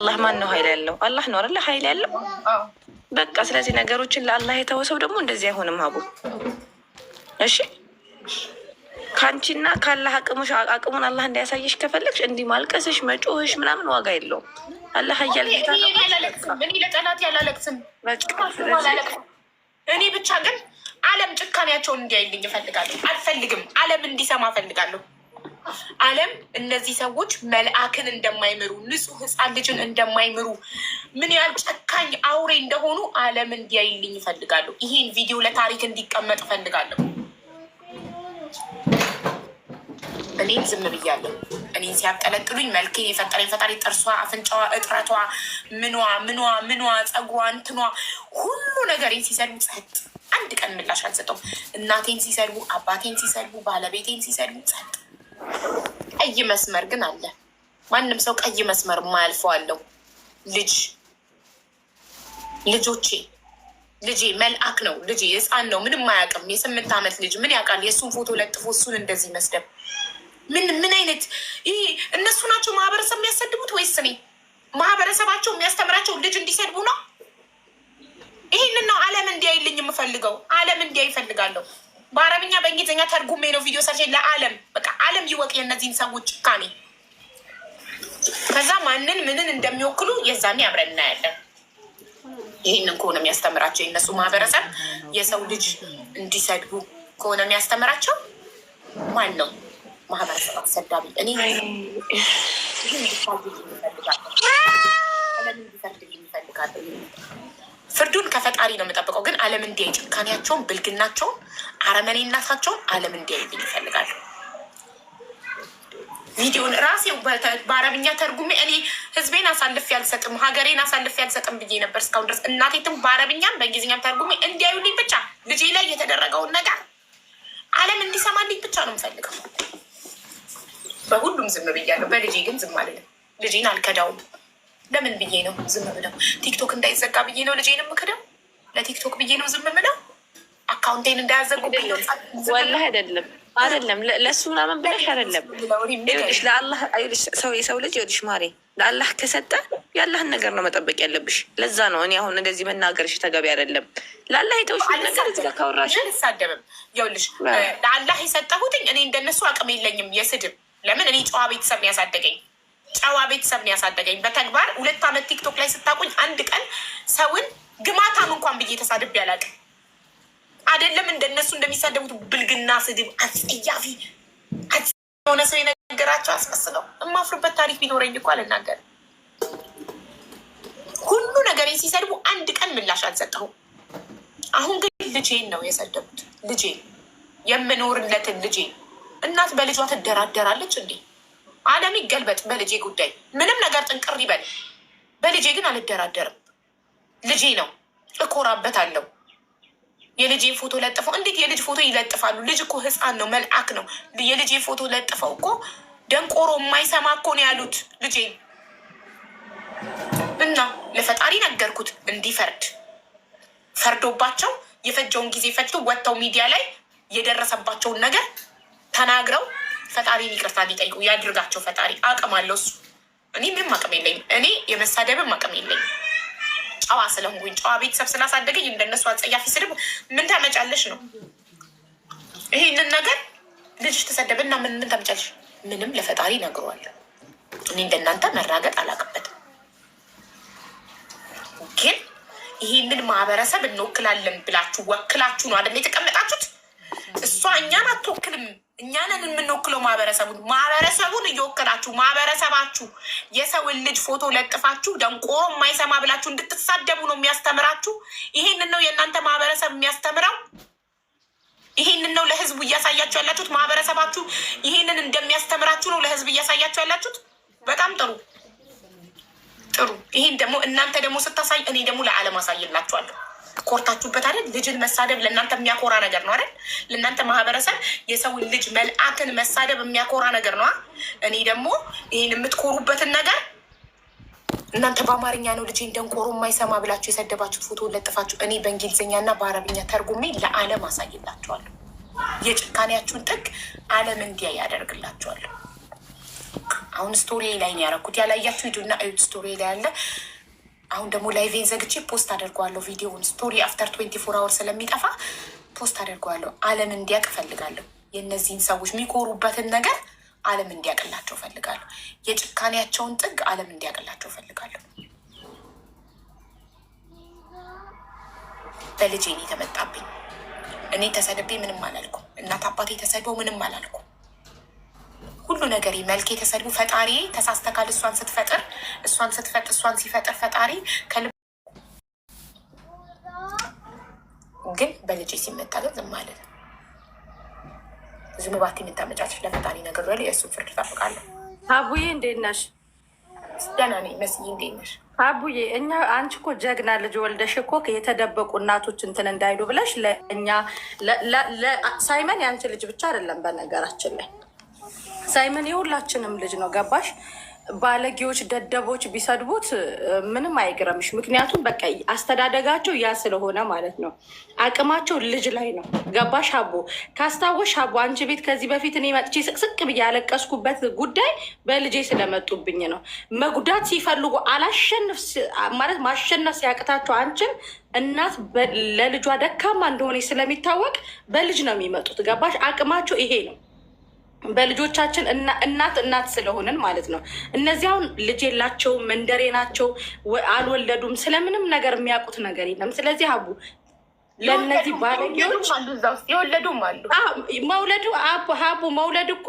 አላህ ማን ነው ኃይል ያለው? አላህ ነው አይደለ ኃይል ያለው። በቃ ስለዚህ ነገሮችን ለአላህ የተወሰው ደግሞ እንደዚህ አይሆንም። አቡ እሺ፣ ከአንቺና ከአላህ አቅሙሽ አቅሙን አላህ እንዳያሳየሽ ከፈለግሽ እንዲህ ማልቀስሽ መጮህሽ ምናምን ዋጋ የለውም። አላህ ኃያል ጌታ ነው። እኔ ለጠላት ያላለቅስም። እኔ ብቻ ግን አለም ጭካኔያቸውን እንዲያይልኝ እፈልጋለሁ። አልፈልግም አለም እንዲሰማ እፈልጋለሁ። ዓለም እነዚህ ሰዎች መልአክን እንደማይምሩ ንጹህ ሕፃን ልጅን እንደማይምሩ ምን ያህል ጨካኝ አውሬ እንደሆኑ ዓለም እንዲያይልኝ እፈልጋለሁ። ይሄን ቪዲዮ ለታሪክ እንዲቀመጥ እፈልጋለሁ። እኔም ዝም ብያለሁ። እኔን ሲያጠለጥሉኝ መልኬን የፈጠረኝ ፈጣሪ ጥርሷ፣ አፍንጫዋ፣ እጥረቷ፣ ምኗ ምኗ ምኗ፣ ፀጉሯ፣ እንትኗ ሁሉ ነገሬን ሲሰድቡ ጸጥ አንድ ቀን ምላሽ አልሰጠውም። እናቴን ሲሰድቡ፣ አባቴን ሲሰድቡ፣ ባለቤቴን ሲሰድቡ ጸጥ ቀይ መስመር ግን አለ። ማንም ሰው ቀይ መስመር የማያልፈው አለው። ልጅ ልጆቼ ልጄ መልአክ ነው። ልጄ ህፃን ነው፣ ምንም አያውቅም። የስምንት ዓመት ልጅ ምን ያውቃል? የእሱን ፎቶ ለጥፎ እሱን እንደዚህ መስደብ ምን ምን አይነት ይህ እነሱ ናቸው ማህበረሰብ የሚያሰድቡት ወይስ እኔ? ማህበረሰባቸው የሚያስተምራቸው ልጅ እንዲሰድቡ ነው። ይህንን ነው ዓለም እንዲያይልኝ የምፈልገው። ዓለም እንዲያይ ይፈልጋለሁ። በአረብኛ በእንግሊዝኛ ተርጉሜ ነው ቪዲዮ ሰርቼ ለአለም በቃ አለም ይወቅ የእነዚህን ሰዎች ጭካኔ። ከዛ ማንን ምንን እንደሚወክሉ የዛኔ አብረን እናያለን። ይህንን ከሆነ የሚያስተምራቸው የእነሱ ማህበረሰብ የሰው ልጅ እንዲሰድቡ ከሆነ የሚያስተምራቸው ማን ነው? ማህበረሰብ አሰዳቢ እኔ እንዲፈርድልኝ እፈልጋለሁ። ፍርዱን ከፈጣሪ ነው የምጠብቀው። ግን ዓለም እንዲያይ ጭካኔያቸውን፣ ብልግናቸውን፣ አረመኔነታቸውን ዓለም እንዲያይ ይፈልጋሉ። ቪዲዮን ራሴ በአረብኛ ተርጉሜ እኔ ህዝቤን አሳልፌ አልሰጥም፣ ሀገሬን አሳልፌ አልሰጥም ብዬ ነበር እስካሁን ድረስ እናቴትም በአረብኛም በእንግሊዝኛም ተርጉሜ እንዲያዩልኝ ብቻ ልጄ ላይ የተደረገውን ነገር ዓለም እንዲሰማልኝ ብቻ ነው የምፈልገው። በሁሉም ዝም ብያለሁ፣ በልጄ ግን ዝም አልልም። ልጄን አልከዳውም። ለምን ብዬ ነው ዝም ብለው? ቲክቶክ እንዳይዘጋ ብዬ ነው ልጄን ምክደው? ለቲክቶክ ብዬ ነው ዝም ብለው? አካውንቴን እንዳያዘጉብኝ ነው? ወላሂ አይደለም አይደለም ለእሱ ምናምን ብለሽ አይደለም። ለአላህ ሰው የሰው ልጅ ይኸውልሽ ማሬ ለአላህ ከሰጠ ያላህን ነገር ነው መጠበቅ ያለብሽ። ለዛ ነው እኔ አሁን እንደዚህ መናገርሽ ተገቢ አይደለም። ለአላህ የተውሽ ነገር እዚህ ጋር ካወራሽ አልሳደብም። ይኸውልሽ ለአላህ የሰጠሁትኝ እኔ እንደነሱ አቅም የለኝም የስድብ ለምን እኔ ጨዋ ቤተሰብ ያሳደገኝ ጨዋ ቤተሰብ ነው ያሳደገኝ። በተግባር ሁለት ዓመት ቲክቶክ ላይ ስታቁኝ አንድ ቀን ሰውን ግማታም እንኳን ብዬ ተሳድብ ያላቅ አይደለም እንደነሱ እንደሚሳደቡት ብልግና ስድብ፣ አስጸያፊ የሆነ ሰው የነገራቸው አስመስለው የማፍሩበት ታሪክ ቢኖረኝ እኮ አልናገርም። ሁሉ ነገር ሲሰድቡ አንድ ቀን ምላሽ አልሰጠሁም። አሁን ግን ልጄን ነው የሰደቡት። ልጄ የምኖርለትን ልጄ እናት በልጇ ትደራደራለች እንዴ? ዓለም ይገልበጥ በልጄ ጉዳይ ምንም ነገር ጥንቅር ይበል። በልጄ ግን አልደራደርም። ልጄ ነው፣ እኮራበታለሁ። የልጄን ፎቶ ለጥፈው እንዴት የልጅ ፎቶ ይለጥፋሉ? ልጅ እኮ ህፃን ነው፣ መልአክ ነው። የልጄ ፎቶ ለጥፈው እኮ ደንቆሮ የማይሰማ እኮ ነው ያሉት ልጄ እና ለፈጣሪ ነገርኩት እንዲፈርድ ፈርዶባቸው የፈጀውን ጊዜ ፈጅቶ ወጥተው ሚዲያ ላይ የደረሰባቸውን ነገር ተናግረው ፈጣሪን ይቅርታ እንዲጠይቁ ያድርጋቸው። ፈጣሪ አቅም አለው እሱ። እኔ ምንም አቅም የለኝም። እኔ የመሳደብም አቅም የለኝም። ጨዋ ስለሆንኩኝ ጨዋ ቤተሰብ ስላሳደገኝ እንደነሱ አጸያፊ ስድብ ምን ታመጫለሽ ነው። ይሄንን ነገር ልጅሽ ተሰደብና ምን ምን ታመጫለሽ? ምንም ለፈጣሪ ነግሯል እኔ እንደናንተ መራገጥ አላቅበትም። ግን ይህንን ማህበረሰብ እንወክላለን ብላችሁ ወክላችሁ ነው አደ የተቀመጣችሁ እሷ እኛን አትወክልም። እኛንን የምንወክለው ማህበረሰቡን። ማህበረሰቡን እየወከላችሁ ማህበረሰባችሁ የሰውን ልጅ ፎቶ ለጥፋችሁ ደንቆሮ የማይሰማ ብላችሁ እንድትሳደቡ ነው የሚያስተምራችሁ። ይሄንን ነው የእናንተ ማህበረሰብ የሚያስተምረው። ይሄንን ነው ለህዝቡ እያሳያችሁ ያላችሁት። ማህበረሰባችሁ ይሄንን እንደሚያስተምራችሁ ነው ለህዝብ እያሳያችሁ ያላችሁት። በጣም ጥሩ ጥሩ። ይሄን ደግሞ እናንተ ደግሞ ስታሳይ እኔ ደግሞ ለዓለም አሳይላችኋለሁ። ኮርታችሁበት አይደል? ልጅን መሳደብ ለእናንተ የሚያኮራ ነገር ነው አይደል? ለእናንተ ማህበረሰብ የሰውን ልጅ መልአክን መሳደብ የሚያኮራ ነገር ነው። እኔ ደግሞ ይህን የምትኮሩበትን ነገር እናንተ በአማርኛ ነው ልጅ እንደንኮሩ የማይሰማ ብላችሁ የሰደባችሁት ፎቶ ለጥፋችሁ እኔ በእንግሊዝኛ እና በአረብኛ ተርጉሜ ለዓለም አሳይላችኋለሁ። የጭካኔያችሁን ጥግ ዓለም እንዲያ ያደርግላችኋለሁ። አሁን ስቶሪ ላይ ነው ያደረኩት። ያላያችሁ ሂዱና እዩት። ስቶሪ ላይ ያለ አሁን ደግሞ ላይቬን ዘግቼ ፖስት አደርገዋለሁ። ቪዲዮውን ስቶሪ አፍተር ትዌንቲ ፎር አወር ስለሚጠፋ ፖስት አደርገዋለሁ። አለም እንዲያቅ እፈልጋለሁ። የእነዚህን ሰዎች የሚኮሩበትን ነገር አለም እንዲያቅላቸው እፈልጋለሁ። የጭካኔያቸውን ጥግ አለም እንዲያቅላቸው እፈልጋለሁ። በልጄ ነው የተመጣብኝ። እኔ ተሰድቤ ምንም አላልኩም። እናት አባቴ ተሰድበው ምንም አላልኩም። ሁሉ ነገር መልክ የተሰዱ ፈጣሪ ተሳስተካል። እሷን ስትፈጥር እሷን ስትፈጥ እሷን ሲፈጥር ፈጣሪ ከልብ ግን በልጅ ሲመጣ ግን ዝም ማለት ዝም ባት የምታመጫለሽ ለፈጣሪ ነገር ያለ የእሱ ፍርድ እጠብቃለሁ። አቡዬ እንዴት ነሽ? ደህና ነኝ መስዬ፣ እንዴት ነሽ? አቡዬ እኛ አንቺ እኮ ጀግና ልጅ ወልደሽ እኮ የተደበቁ እናቶች እንትን እንዳይሉ ብለሽ ለእኛ ሳይመን የአንቺ ልጅ ብቻ አይደለም በነገራችን ላይ ሳይመን የሁላችንም ልጅ ነው። ገባሽ? ባለጌዎች፣ ደደቦች ቢሰድቡት ምንም አይግረምሽ። ምክንያቱም በቃ አስተዳደጋቸው ያ ስለሆነ ማለት ነው። አቅማቸው ልጅ ላይ ነው። ገባሽ? አቦ ካስታወሽ፣ አቦ አንቺ ቤት ከዚህ በፊት እኔ መጥቼ ስቅስቅ ብዬ ያለቀስኩበት ጉዳይ በልጄ ስለመጡብኝ ነው። መጉዳት ሲፈልጉ አላሸንፍ ማለት ማሸነፍ ሲያቅታቸው አንቺን እናት ለልጇ ደካማ እንደሆነ ስለሚታወቅ በልጅ ነው የሚመጡት። ገባሽ? አቅማቸው ይሄ ነው። በልጆቻችን እናት እናት ስለሆንን ማለት ነው። እነዚያውን ልጅ የላቸውም፣ መንደሬ ናቸው፣ አልወለዱም፣ ስለምንም ነገር የሚያውቁት ነገር የለም። ስለዚህ አቡ ለእነዚህ ባለጌዎች የወለዱም አሉ። መውለዱ ሀቡ መውለድ እኮ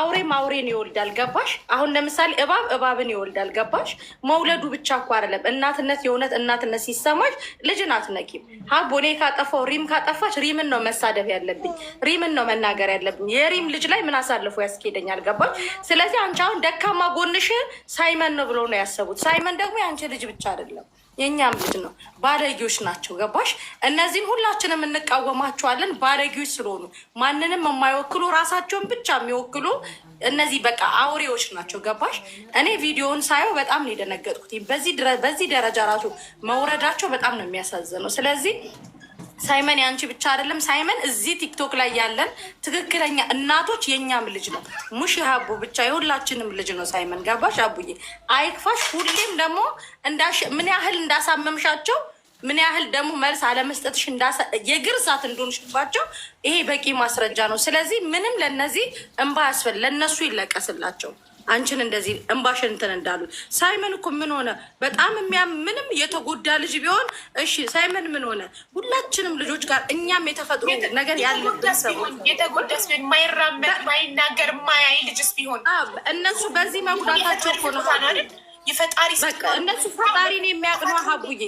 አውሬም አውሬን ይወልዳል። ገባሽ? አሁን ለምሳሌ እባብ እባብን ይወልዳል። ገባሽ? መውለዱ ብቻ እኮ አይደለም። እናትነት የእውነት እናትነት ሲሰማሽ ልጅን አትነቂም። ሀቡ እኔ ካጠፋው ሪም ካጠፋች ሪምን ነው መሳደብ ያለብኝ፣ ሪምን ነው መናገር ያለብኝ። የሪም ልጅ ላይ ምን አሳልፎ ያስኬደኛል? ገባሽ? ስለዚህ አንቺ አሁን ደካማ ጎንሽ ሳይመን ነው ብሎ ነው ያሰቡት። ሳይመን ደግሞ የአንቺ ልጅ ብቻ አይደለም የእኛም ልጅ ነው። ባለጌዎች ናቸው። ገባሽ? እነዚህን ሁላችንም እንቃወማቸዋለን። ባለጌዎች ስለሆኑ ማንንም የማይወክሉ ራሳቸውን ብቻ የሚወክሉ እነዚህ በቃ አውሬዎች ናቸው። ገባሽ? እኔ ቪዲዮውን ሳየው በጣም ነው የደነገጥኩት። በዚህ ደረጃ ራሱ መውረዳቸው በጣም ነው የሚያሳዝነው። ስለዚህ ሳይመን ያንቺ ብቻ አይደለም። ሳይመን እዚህ ቲክቶክ ላይ ያለን ትክክለኛ እናቶች የእኛም ልጅ ነው። ሙሽ ሀቡ ብቻ የሁላችንም ልጅ ነው። ሳይመን ገባሽ? አቡዬ አይክፋሽ። ሁሌም ደግሞ ምን ያህል እንዳሳመምሻቸው ምን ያህል ደግሞ መልስ አለመስጠትሽ የግር እሳት እንደሆንሽባቸው ይሄ በቂ ማስረጃ ነው። ስለዚህ ምንም ለነዚህ እንባ ያስፈል ለእነሱ ይለቀስላቸው። አንቺን እንደዚህ እምባሽን እንትን እንዳሉት ሳይመን እኮ ምን ሆነ? በጣም የሚያም ምንም የተጎዳ ልጅ ቢሆን እሺ፣ ሳይመን ምን ሆነ? ሁላችንም ልጆች ጋር እኛም የተፈጥሮ ነገር ያለብን ቢሆን ማይራመድ፣ ማይናገር፣ ማያይ ልጅስ ቢሆን እነሱ በዚህ መጉዳታቸው ሆነ ነው የፈጣሪ እነሱ ፈጣሪን የሚያቅኗ ሀቡዬ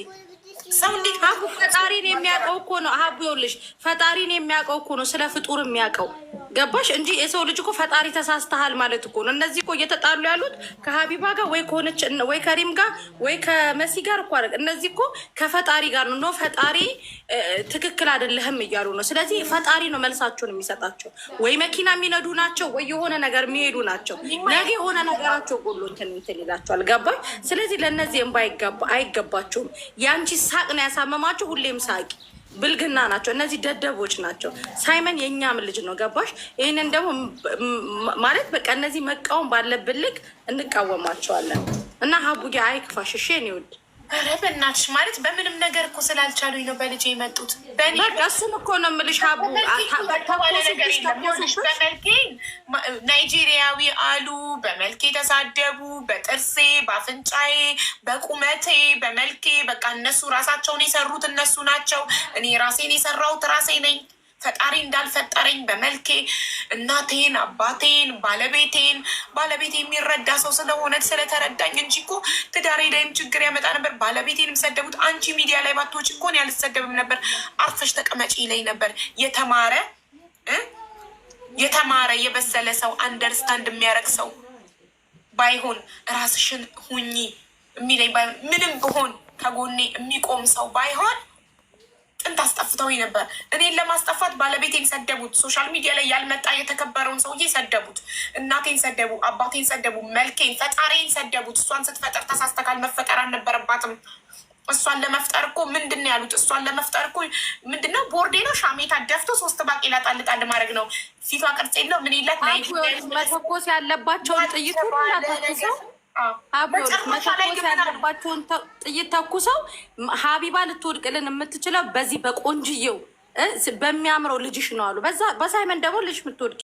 ሰው እንዴት ፈጣሪን የሚያውቀው እኮ ነው። አሀ ይኸውልሽ፣ ፈጣሪን የሚያውቀው እኮ ነው ስለ ፍጡር የሚያውቀው ገባሽ? እንጂ የሰው ልጅ እኮ ፈጣሪ ተሳስተሃል ማለት እኮ ነው። እነዚህ እኮ እየተጣሉ ያሉት ከሀቢባ ጋር ወይ ከሆነች ወይ ከሪም ጋር ወይ ከመሲ ጋር እኮ አይደል? እነዚህ እኮ ከፈጣሪ ጋር ነው። ፈጣሪ ትክክል አይደለህም እያሉ ነው። ስለዚህ ፈጣሪ ነው መልሳቸውን የሚሰጣቸው። ወይ መኪና የሚነዱ ናቸው፣ ወይ የሆነ ነገር የሚሄዱ ናቸው። ነገ የሆነ ነገራቸው ጎሎ እንትን ይላቸዋል። ገባሽ? ስለዚህ ለእነዚህ እንባ አይገባቸውም። ያንቺ ሳቅ ነው ያሳመማቸው። ሁሌም ሳቂ። ብልግና ናቸው እነዚህ ደደቦች ናቸው። ሳይመን የእኛም ልጅ ነው ገባሽ? ይህንን ደግሞ ማለት በቃ እነዚህ መቃወም ባለብን ልክ እንቃወማቸዋለን። እና ሀቡጌ አይክፋሽ እሺ የእኔ ውድ በእናትሽ ማለት በምንም ነገር እኮ ስላልቻሉኝ ነው በልጄ የመጡት። እሱም እኮ ነው የምልሽ ሀቡ ተኮሱሽ በመልኬ ናይጄሪያዊ አሉ፣ በመልኬ የተሳደቡ፣ በጥርሴ፣ በአፍንጫዬ፣ በቁመቴ፣ በመልኬ በቃ እነሱ ራሳቸውን የሰሩት እነሱ ናቸው። እኔ ራሴን የሰራሁት ራሴ ነኝ። ፈጣሪ እንዳልፈጠረኝ በመልኬ እናቴን፣ አባቴን፣ ባለቤቴን ባለቤቴ የሚረዳ ሰው ስለሆነ ስለተረዳኝ እንጂ እኮ ትዳሬ ላይም ችግር ያመጣ ነበር። ባለቤቴን የምሰደቡት አንቺ ሚዲያ ላይ ባትሆች እኮ እኔ አልሰደብም ነበር፣ አርፈሽ ተቀመጪ ይለኝ ነበር የተማረ የተማረ የበሰለ ሰው አንደርስታንድ የሚያደርግ ሰው ባይሆን ራስሽን ሁኚ የሚለኝ ምንም ብሆን ከጎኔ የሚቆም ሰው ባይሆን ጥንት አስጠፍተው ነበር። እኔን ለማስጠፋት ባለቤቴን ሰደቡት። ሶሻል ሚዲያ ላይ ያልመጣ የተከበረውን ሰውዬ ሰደቡት። እናቴን ሰደቡ፣ አባቴን ሰደቡ፣ መልኬን፣ ፈጣሬን ሰደቡት። እሷን ስትፈጠር ተሳስተካል፣ መፈጠር አልነበረባትም። እሷን ለመፍጠር እኮ ምንድን ነው ያሉት? እሷን ለመፍጠር እኮ ምንድነው ቦርዴ ነው ሻሜታ ደፍቶ ሶስት ባቄላ ጣል ማድረግ ነው። ፊቷ ቅርጽ የለው ምን የላት መተኮስ ያለባቸውን ጥይት ሁሉ ተኩሰው መተኮስ ጥይት ተኩሰው ሀቢባ ልትወድቅልን የምትችለው በዚህ በቆንጅየው በሚያምረው ልጅሽ ነው አሉ። በሳይመን ደግሞ ልጅ ምትወድቅ